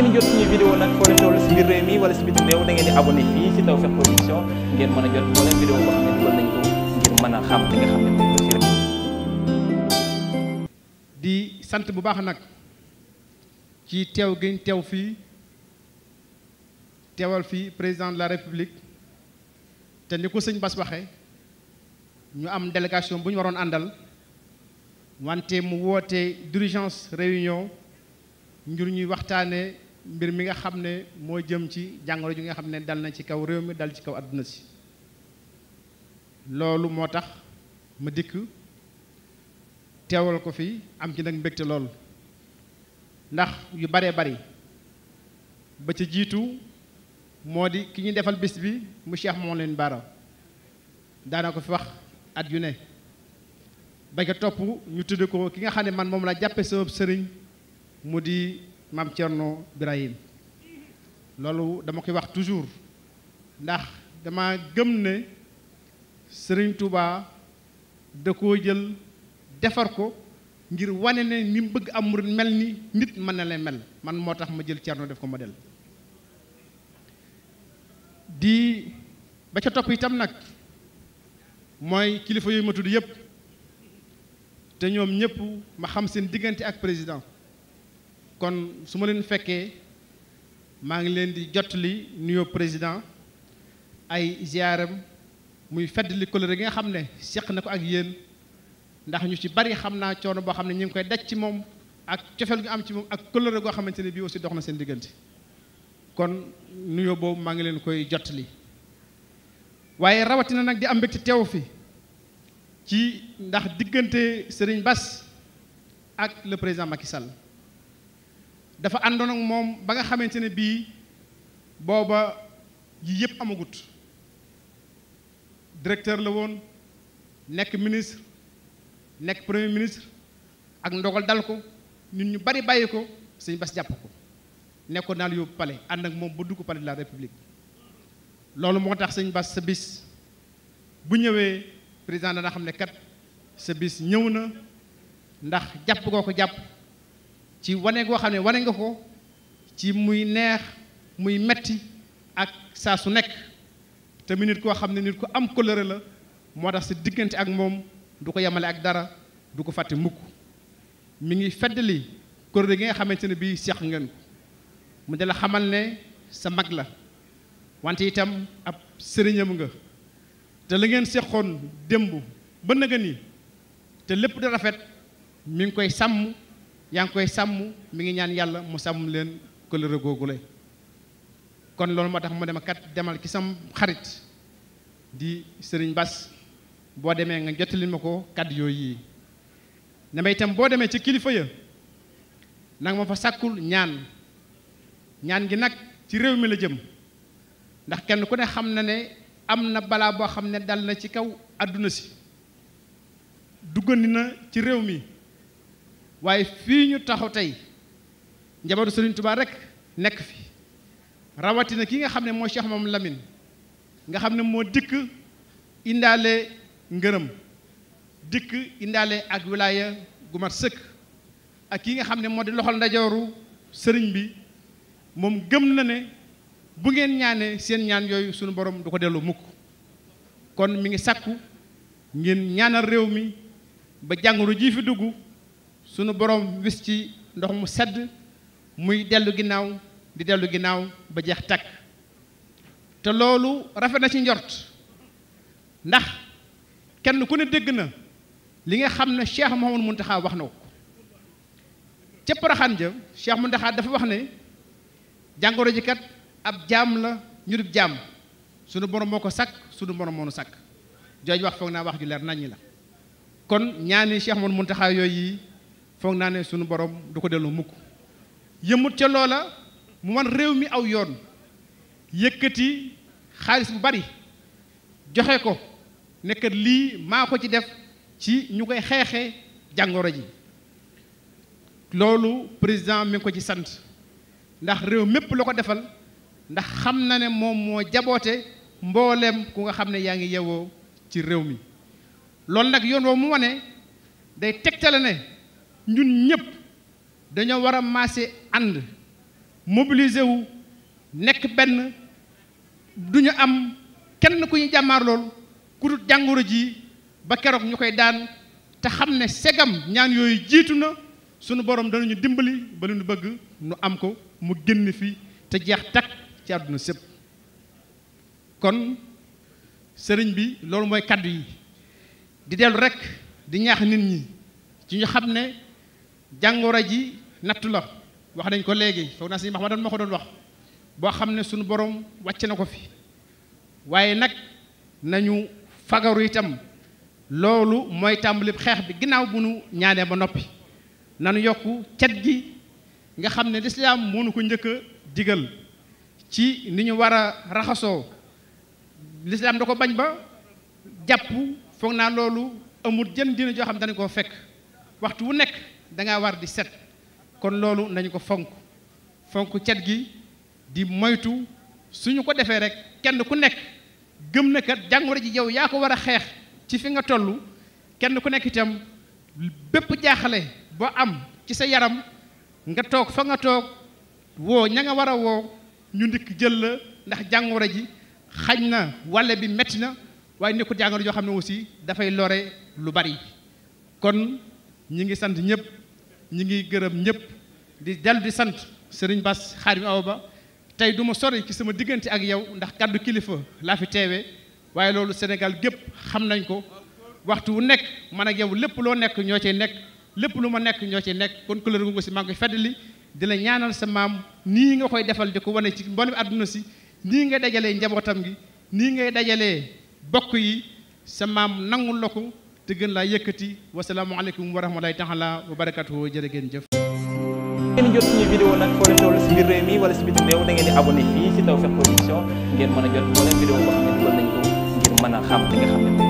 ngeen jot suñu vidéo nag foo leen di a jot moo leen a xam sant bu baax nag ci teew gi teew fii teewal fii président de la république te ni ko sëñ Bass waxee ñu am délégation bu ñu waroon àndal wante mu woote d'urgence réunion. njur ñuy waxtaane mbir mi nga xam ne moo jëm ci jàngoro ji nga xam ne dal na ci kaw réew mi dal ci kaw àdduna si loolu moo tax ma dikk teewal ko fi am ci nag mbégte lool ndax yu baree bari ba ci jiitu moo di ki ñu defal bis bi mu Cheikh moom leen baara daana ko fi wax at yu ne ba ca topp ñu tudd ko ki nga xam ne man moom la jàppe sama sëriñ mu di maam Thierno Birahim loolu dama koy wax toujours ndax dama gëm ne Serigne Touba da koo jël defar ko ngir wane ne ni mu bëgg am murid mel ni nit mën na leen mel man moo tax ma jël Thierno def ko ma del di ba ca topp itam nag mooy kilifa yooyu ma tudd yëpp te ñoom ñëpp ma xam seen diggante ak président kon su ma leen fekkee maa ngi leen di jottali nuyoo président ay ziaram muy feddali kóllëre gi nga xam ne seq na ko ak yéen ndax ñu ci bari xam naa coono boo xam ne ñu ngi koy daj ci moom ak cofeel gu am ci moom ak kóllëre goo xamante ne bii aussi dox seen diggante kon nuyoo boobu maa ngi leen koy jottali waaye rawatina nag di am mbégte teew fi ci ndax diggante sëriñ bas ak le président Macky Sall dafa àndoon ak moom ba nga xamante ne bii booba yi yëpp amagut directeur la woon nekk ministre nekk premier ministre ak ndogal dal ko nit ñu bari bàyyi ko sëñ Bass jàpp ko nekkoon naa la yóbbu palais ànd ak moom ba dugg palais de la république loolu moo tax sëñ Bass sa bis bu ñëwee président dana xam ne kat sa bis ñëw na ndax jàpp koo ko jàpp ci wane goo xam ne wane nga ko ci muy neex muy metti ak saa su nekk te mu nit koo xam ne nit ko am colère la moo tax sa diggante ak moom du ko yemale ak dara du ko fàtte mukk mu ngi feddali colère gi nga xamante ne bii seq ngeen mu dala xamal ne sa mag la wante itam ab sëriñam nga te la ngeen seqoon démb ba nëga ni te lépp da rafet mu ngi koy sàmm yaa ngi koy sàmm mi ngi ñaan yàlla mu sàmm leen kóllëre googu kon loolu moo tax mu dema kat demal ki sam xarit di sëriñ Bas boo demee nga jottali ma ko kàddu yooyu yi ne itam boo demee ci kilifa ya nanga ma fa sàkkul ñaan ñaan gi nag ci réew mi la jëm ndax kenn ku ne xam na ne am na balaa boo xam ne dal na ci kaw àdduna si duggandi na ci réew mi waaye fii ñu taxaw tey njabootu Serigne Touba rek nekk fi rawatina ki nga xam ne mooy Cheikh moom Lamine nga xam ne moo dikk indaale ngërëm dikk indaale ak wilaaya gu mat sëkk ak ki nga xam ne moo di loxol ndajooru sëriñ bi moom gëm na ne bu ngeen ñaanee seen ñaan yooyu suñu borom du ko dellu mukk kon mi ngi sakku ngeen ñaanal réew mi ba jàngoro ji fi dugg sunu borom wis ci ndox mu sedd muy dellu ginnaaw di dellu ginnaaw ba jeex takk te loolu rafet na ci njort ndax kenn ku ne dégg na li nga xam ne Cheikh Mouhamadou Mountakha wax na ko ca Porokhane ja Cheikh Mountakha dafa wax ne jàngoro ji kat ab jaam la ñu dib jaam sunu borom moo ko sakk sunu borom moo nu sakk jooju wax foog naa wax ju leer naññi la kon ñaani Cheikh Mouhamadou Mountakha yooyu foog naa ne sunu borom du ko dellu mukk yëmut ca loola mu man réew mi aw yoon yëkkati xaalis bu bari joxe ko nekkat lii maa ko ci def ci ñu koy xeexe jàngoro ji loolu président mi ngi ko ci sant ndax réew mépp la ko defal ndax xam na ne moom moo jaboote mboolem ku nga xam ne yaa ngi yewoo ci réew mi loolu nag yoon woo mu wane day tegtale ne ñun ñëpp dañoo war a maase ànd mobiliser wu nekk benn duñu am kenn ku ñu jàmmaar lool ku jàngoro ji ba keroog ñu koy daan te xam ne segam ñaan yooyu jiitu na sunu borom danañu dimbali ba lu ñu bëgg nu am ko mu génn fi te jeex takk ci àdduna sépp kon sëriñ bi loolu mooy kàddu yi di dellu rek di ñaax nit ñi ci ñu xam ne jàngooro ji nattu la wax nañ ko léegi foog naa si max ma doon ma ko doon wax boo xam ne sunu boroom wàcc na ko fi waaye nag nañu fagaru itam loolu mooy tàmbali xeex bi ginnaaw bu nu ñaanee ba noppi nanu yokku cet gi nga xam ne lislaam moo nu ko njëkk a digal ci ni ñu war a raxasoo lislaam da ko bañ ba jàpp foog naa loolu amul jën dina joo xam ne dañu koo fekk waxtu wu nekk dangaa war di set kon loolu nañu ko fonk fonk cet gi di moytu suñu ko defee rek kenn ku nekk gëm na kat jàngoro ji yow yaa ko war a xeex ci fi nga toll kenn ku nekk itam bépp jaaxale boo am ci sa yaram nga toog fa nga toog woo ña nga war a woo ñu ndikk jël la ndax jàngoro ji xañ na wàlle bi metti na waaye nekkul jàngoro joo xam ne aussi dafay lore lu bari kon ñi ngi sant ñëpp ñi ngi gërëm ñëpp di dal di sant sëriñ Bass Xaadim Awa Ba tey du ma sori ci sama diggante ak yow ndax kàddu kilifa laa fi teewee waaye loolu Sénégal gépp xam nañ ko waxtu wu nekk man ak yow lépp loo nekk ñoo ciy nekk lépp lu ma nekk ñoo ciy nekk kon couleur gu nga si maa fedd li feddali ñaanal sa maam nii nga koy defal di ko wane ci mboolem àdduna si nii nga dajalee njabootam gi nii ngay dajalee bokk yi sa maam nangu la ko te gën laa yëkkati wasalaamualeykum wa rahmatulahi taala wa barakatuhu jërë ngeen jëf. ngeen jot suñu vidéo nag foo leen toll si biir réew mi wala si biti réew da ngeen di abonné fii si Tawfekh Production ngeen mën a jot moo leen vidéo boo xam ne dugal nañ ko ngir mën a xam li nga xam ne